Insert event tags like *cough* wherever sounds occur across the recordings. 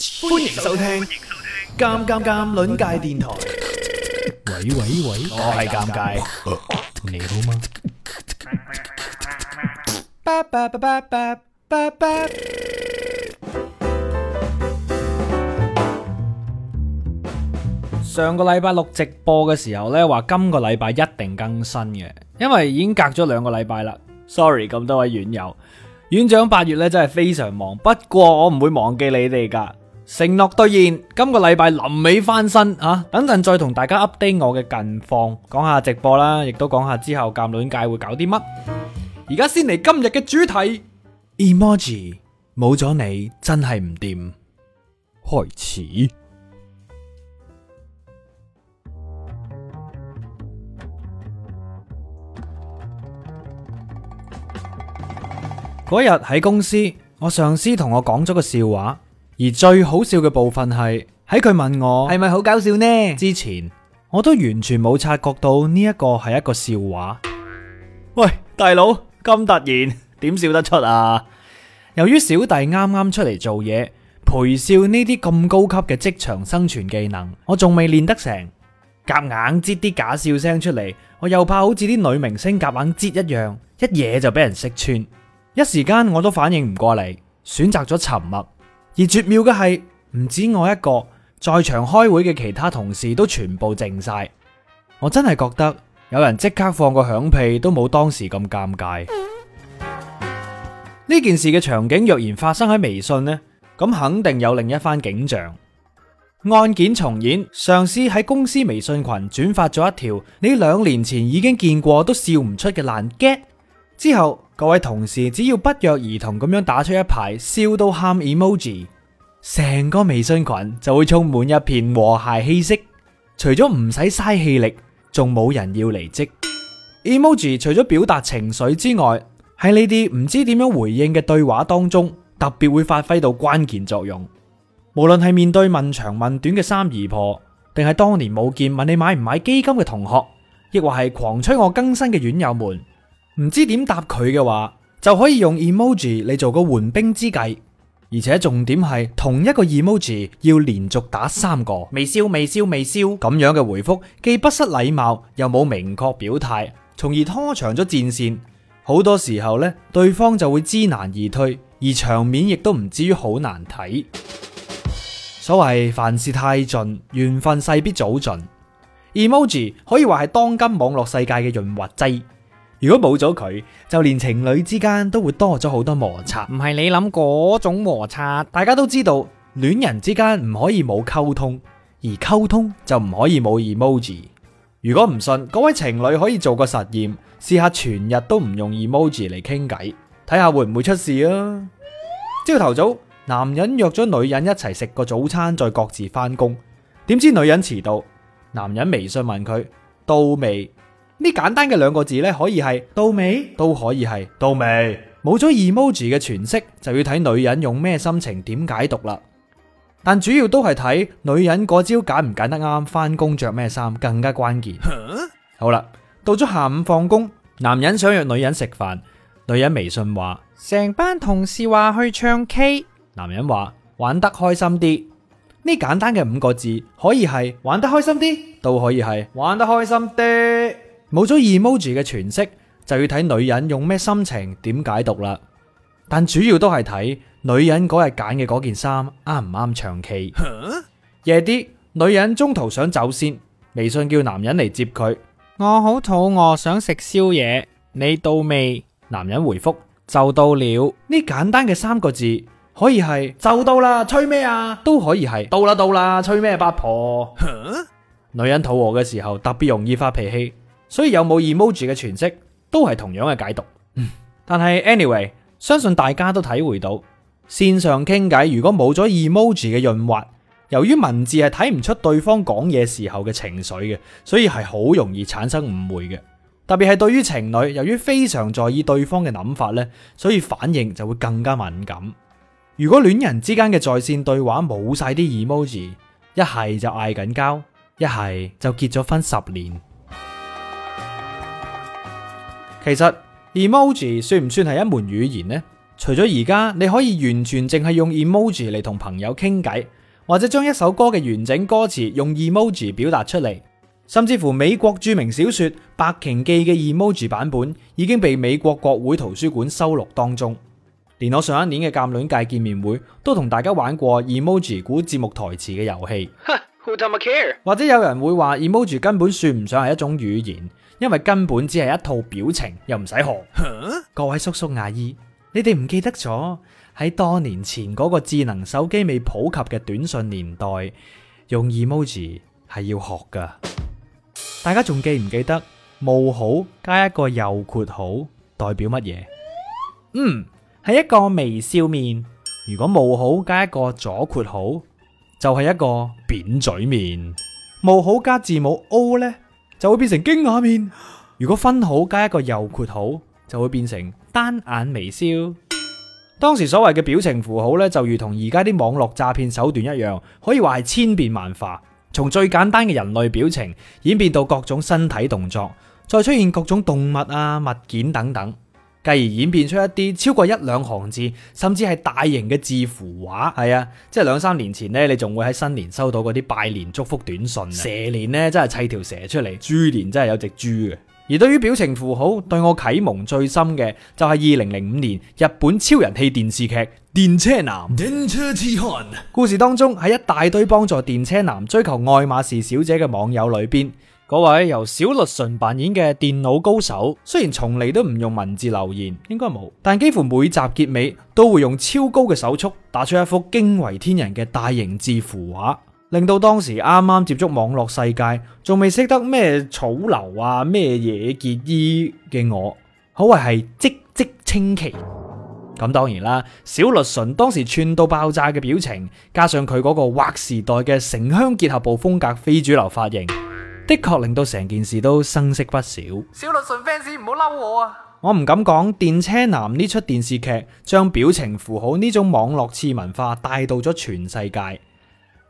歡迎收聽尷尷尷輪界電台。喂喂喂，喂我係尷尬，你好嗎？上個禮拜六直播嘅時候呢，話今個禮拜一定更新嘅，因為已經隔咗兩個禮拜啦。Sorry，咁多位院友，院長八月呢真係非常忙，不過我唔會忘記你哋噶。承諾兌現，今個禮拜臨尾翻身啊！等陣再同大家 update 我嘅近況，講下直播啦，亦都講下之後鑒卵界會搞啲乜。而家先嚟今日嘅主題，Emoji，冇咗你真係唔掂。開始嗰日喺公司，我上司同我講咗個笑話。而最好笑嘅部分係喺佢問我係咪好搞笑呢之前，我都完全冇察覺到呢一個係一個笑話。喂，大佬咁突然點笑得出啊？由於小弟啱啱出嚟做嘢，陪笑呢啲咁高級嘅職場生存技能，我仲未練得成夾硬擠啲假笑聲出嚟。我又怕好似啲女明星夾硬擠一樣，一嘢就俾人識穿。一時間我都反應唔過嚟，選擇咗沉默。而絕妙嘅係，唔止我一個，在場開會嘅其他同事都全部靜晒。我真係覺得有人即刻放個響屁都冇當時咁尷尬。呢、嗯、件事嘅場景若然發生喺微信呢，咁肯定有另一番景象。案件重演，上司喺公司微信群轉發咗一條你兩年前已經見過都笑唔出嘅爛 gag。之後，各位同事只要不約而同咁樣打出一排笑到喊 emoji，成個微信群就會充滿一片和諧氣息。除咗唔使嘥氣力，仲冇人要離職。emoji 除咗表達情緒之外，喺呢啲唔知點樣回應嘅對話當中，特別會發揮到關鍵作用。無論係面對問長問短嘅三姨婆，定係當年冇見問你買唔買基金嘅同學，亦或係狂催我更新嘅院友們。唔知點答佢嘅話，就可以用 emoji 嚟做個緩兵之計，而且重點係同一個 emoji 要連續打三個微笑、微笑、微笑咁樣嘅回覆，既不失禮貌，又冇明確表態，從而拖長咗戰線。好多時候呢，對方就會知難而退，而場面亦都唔至於好難睇。所謂凡事太盡，緣分勢必早盡。emoji 可以話係當今網絡世界嘅潤滑劑。如果冇咗佢，就連情侶之間都會多咗好多摩擦。唔係你諗嗰種摩擦，大家都知道戀人之間唔可以冇溝通，而溝通就唔可以冇 emoji。如果唔信，各位情侶可以做個實驗，試下全日都唔用 emoji 嚟傾偈，睇下會唔會出事啊？朝頭早，男人約咗女人一齊食個早餐，再各自翻工。點知女人遲到，男人微信問佢到未？呢簡單嘅兩個字咧，可以係到尾，都可以係到尾。冇咗 emoji 嘅詮釋，就要睇女人用咩心情點解讀啦。但主要都係睇女人嗰朝，揀唔揀得啱，翻工着咩衫更加關鍵，啊。好啦，到咗下午放工，男人想約女人食飯，女人微信話：成班同事話去唱 K，男人話：玩得開心啲。呢簡單嘅五個字可以係玩得開心啲，都可以係玩得開心啲。冇咗 emoji 嘅詮釋，就要睇女人用咩心情點解讀啦。但主要都係睇女人嗰日揀嘅嗰件衫啱唔啱長期。夜啲女人中途想走先，微信叫男人嚟接佢。我好肚餓，想食宵夜。你到未？男人回覆就到了。呢簡單嘅三個字可以係就到啦，吹咩啊？都可以係到啦到啦，吹咩、啊、八婆？啊、女人肚餓嘅時候特別容易發脾氣。所以有冇 emoji 嘅詮釋都係同樣嘅解讀，嗯，但係 anyway，相信大家都體會到線上傾偈，如果冇咗 emoji 嘅潤滑，由於文字係睇唔出對方講嘢時候嘅情緒嘅，所以係好容易產生誤會嘅。特別係對於情侶，由於非常在意對方嘅諗法咧，所以反應就會更加敏感。如果戀人之間嘅在線對話冇晒啲 emoji，一係就嗌緊交，一係就結咗婚十年。其實 emoji 算唔算係一門語言呢？除咗而家你可以完全淨係用 emoji 嚟同朋友傾偈，或者將一首歌嘅完整歌詞用 emoji 表達出嚟，甚至乎美國著名小說《白鯨記》嘅 emoji 版本已經被美國國會圖書館收錄當中。連我上一年嘅鑒卵界見面會都同大家玩過 emoji 古節目台詞嘅遊戲。 *laughs* 或者有人會話 emoji 根本算唔上係一種語言，因為根本只係一套表情，又唔使學。蛤各位叔叔阿姨，你哋唔記得咗喺多年前嗰個智能手機未普及嘅短信年代，用 emoji 係要學㗎。大家仲記唔記得？冒號加一個右括號代表乜嘢？嗯，係一個微笑面。如果冒號加一個左括號。就係一個扁嘴面，冒號加字母 O 呢，就會變成驚訝面。如果分號加一個右括號，就會變成單眼微笑。 *noise* 當時所謂嘅表情符號呢，就如同而家啲網絡詐騙手段一樣，可以話係千變萬化，從最簡單嘅人類表情演變到各種身體動作，再出現各種動物啊、物件等等。繼而演變出一啲超過一兩行字，甚至係大型嘅字符畫。係啊，即係兩三年前呢，你仲會喺新年收到嗰啲拜年祝福短信。蛇年呢，真係砌條蛇出嚟，豬年真係有隻豬嘅。而對於表情符號，對我啟蒙最深嘅就係二零零五年日本超人氣電視劇《電車男》。電車痴漢，故事當中喺一大堆幫助電車男追求愛馬仕小姐嘅網友裏邊。嗰位由小栗旬扮演嘅電腦高手，雖然從嚟都唔用文字留言，應該冇，但幾乎每集結尾都會用超高嘅手速打出一幅驚為天人嘅大型字符畫，令到當時啱啱接觸網絡世界，仲未識得咩草榴啊咩嘢結衣嘅我，可謂係嘖嘖稱奇。咁當然啦，小栗旬當時串到爆炸嘅表情，加上佢嗰個劃時代嘅城鄉結合部風格非主流髮型。的確令到成件事都生色不少。小栗旬 fans 唔好嬲我啊！我唔敢講電車男呢齣電視劇將表情符號呢種網絡次文化帶到咗全世界，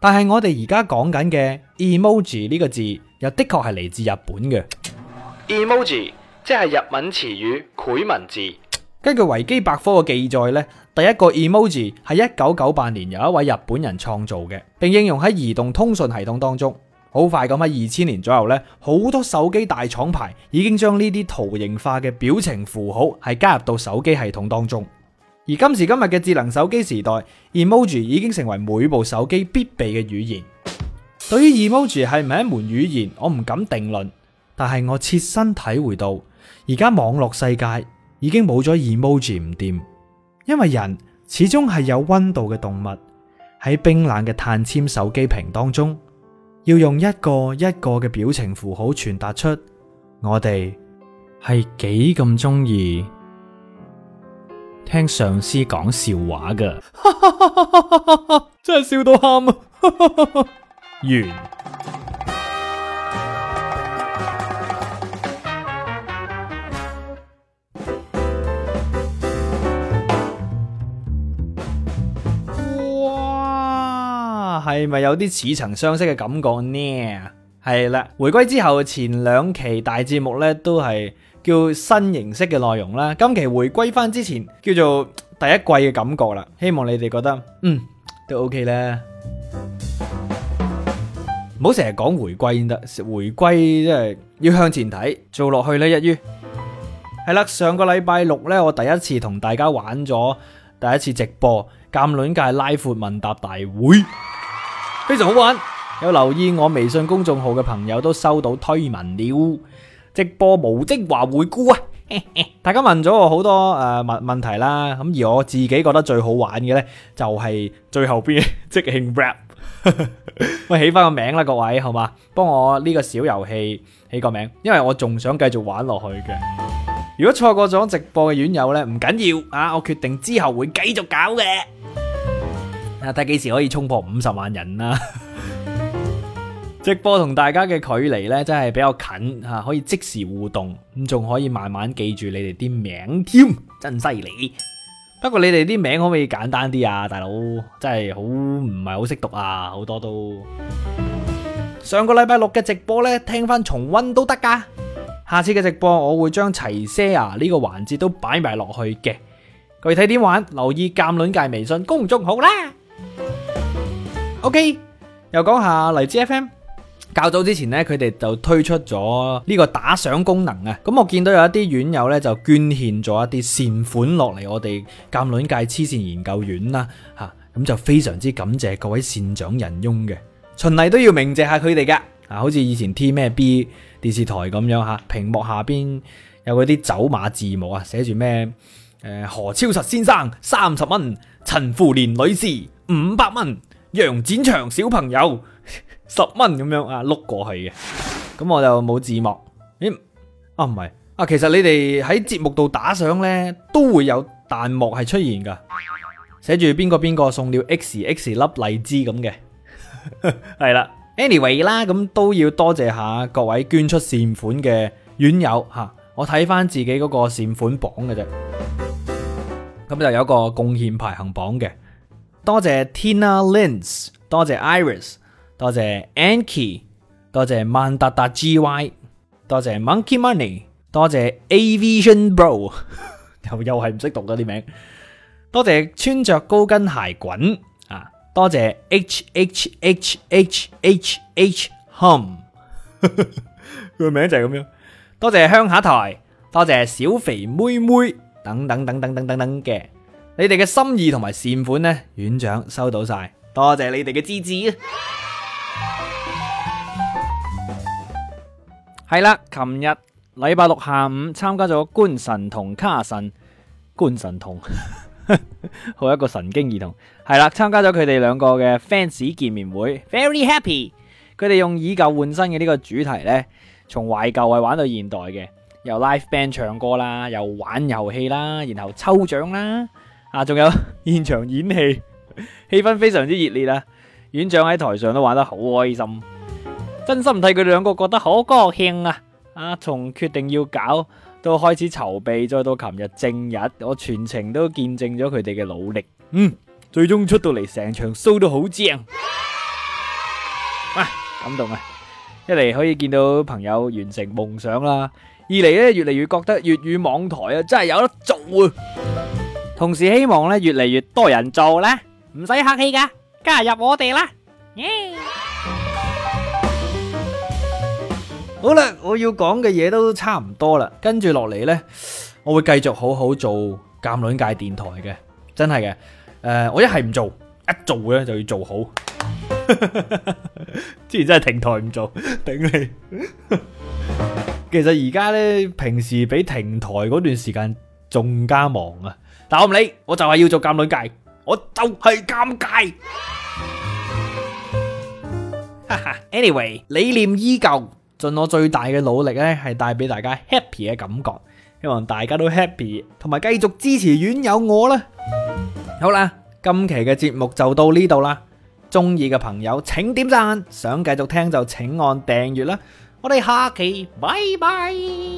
但係我哋而家講緊嘅 emoji 呢個字，又的確係嚟自日本嘅。emoji 即係日文詞語，繪文字。根據維基百科嘅記載咧，第一個 emoji 係一九九八年由一位日本人創造嘅，並應用喺移動通訊系統當中。好快咁喺二千年左右咧，好多手機大廠牌已經將呢啲圖形化嘅表情符號係加入到手機系統當中。而今時今日嘅智能手機時代，emoji 已經成為每部手機必備嘅語言。對於 emoji 係唔係一門語言，我唔敢定論，但係我切身體會到，而家網絡世界已經冇咗 emoji 唔掂，因為人始終係有溫度嘅動物，喺冰冷嘅碳纖手機屏當中。要用一個一個嘅表情符號傳達出我哋係幾咁中意聽上司講笑話㗎， *laughs* 真係笑到喊啊！完。係咪有啲似曾相識嘅感覺呢？係啦，回歸之後前兩期大節目呢都係叫新形式嘅內容啦。今期回歸翻之前叫做第一季嘅感覺啦。希望你哋覺得嗯都 OK 啦，唔好成日講回歸先得，回歸即係要向前睇做落去呢。一於係啦，上個禮拜六呢，我第一次同大家玩咗第一次直播鑑卵界拉闊問答大會。非常好玩，有留意我微信公眾號嘅朋友都收到推文了。直播無精華回顧啊！大家問咗我好多誒問問題啦，咁而我自己覺得最好玩嘅呢，就係最後邊即興 rap。喂，起翻個名啦，各位，好嘛？幫我呢個小遊戲起個名，因為我仲想繼續玩落去嘅。如果錯過咗直播嘅院友呢，唔緊要啊，我決定之後會繼續搞嘅。睇幾時可以衝破五十萬人啦、啊！ *laughs* 直播同大家嘅距離咧，真係比較近吓，可以即時互動，仲可以慢慢記住你哋啲名添，真犀利。不過你哋啲名可唔可以簡單啲啊？大佬真係好唔係好識讀啊，好多都上個禮拜六嘅直播呢，聽翻重温都得噶。下次嘅直播我會將齊些啊呢個環節都擺埋落去嘅，具體點玩留意鑒論界微信公眾號啦。O、okay, K，又講下荔枝 F M。較早之前呢，佢哋就推出咗呢個打賞功能啊。咁我見到有一啲院友呢，就捐獻咗一啲善款落嚟，我哋鑒卵界黐線研究院啦。吓，咁就非常之感謝各位善長仁翁嘅，循例都要鳴謝下佢哋噶。啊，好似以前 T 咩 B 電視台咁樣吓，屏幕下邊有嗰啲走馬字幕啊，寫住咩，誒，何超實先生三十蚊、陳富蓮女士五百蚊。楊展祥小朋友十蚊咁樣啊，碌過去嘅，咁我就冇字幕。咦、哎？啊唔係啊，其實你哋喺節目度打賞咧，都會有彈幕係出現噶，寫住邊個邊個送了 X X 粒荔枝咁嘅。係 *laughs* 啦，anyway 啦，咁都要多謝下各位捐出善款嘅院友吓、啊。我睇翻自己嗰個善款榜嘅啫，咁就有個貢獻排行榜嘅。多謝 Tina Linz，多謝 Iris，多謝 Anki，多謝萬達達 G Y，多謝 Monkey Money，多謝 A Vision Bro 又又係唔識讀嗰啲名，多謝穿着高跟鞋滾啊，多謝 H H H H H H Hum 佢個名就係咁樣，多謝鄉下台，多謝小肥妹妹等等等等等等嘅。你哋嘅心意同埋善款呢，院長收到晒，多謝，你哋嘅支持啊！係啦，琴日禮拜六下午參加咗官神同卡神官神童， *laughs* 好一個神經兒童，係啦，參加咗佢哋兩個嘅 fans 見面會，very happy。佢哋用以舊換新嘅呢個主題呢，從懷舊係玩到現代嘅，由 live band 唱歌啦，又玩遊戲啦，然後抽獎啦。啊，仲有現場演戲，氣氛非常之熱烈啊！院長喺台上都玩得好開心，真心替佢兩個覺得好高興啊！啊，從決定要搞到開始籌備，再到琴日正日，我全程都見證咗佢哋嘅努力，嗯，最終出到嚟成場 show 都好正，哇！感動啊！一嚟可以見到朋友完成夢想啦，二嚟咧越嚟越覺得粵語網台啊真係有得做啊。同時希望咧越嚟越多人做咧，唔使客氣噶，加入我哋啦。耶！好啦，我要講嘅嘢都差唔多啦，跟住落嚟咧，我會繼續好好做鑒卵界電台嘅，真係嘅。誒，我一係唔做，一做咧就要做好。之前真係停台唔做，頂你。其實而家咧，平時比停台嗰段時間。仲加忙啊！但我唔理，我就係要做鑑女界，我就係鑑界。哈哈 *noise* ，anyway，理念依舊，盡我最大嘅努力咧，係帶俾大家 happy 嘅感覺，希望大家都 happy，同埋繼續支持遠有我啦。 *music* 好啦，今期嘅節目就到呢度啦。中意嘅朋友請點讚，想繼續聽就請按訂閱啦。我哋下期拜拜。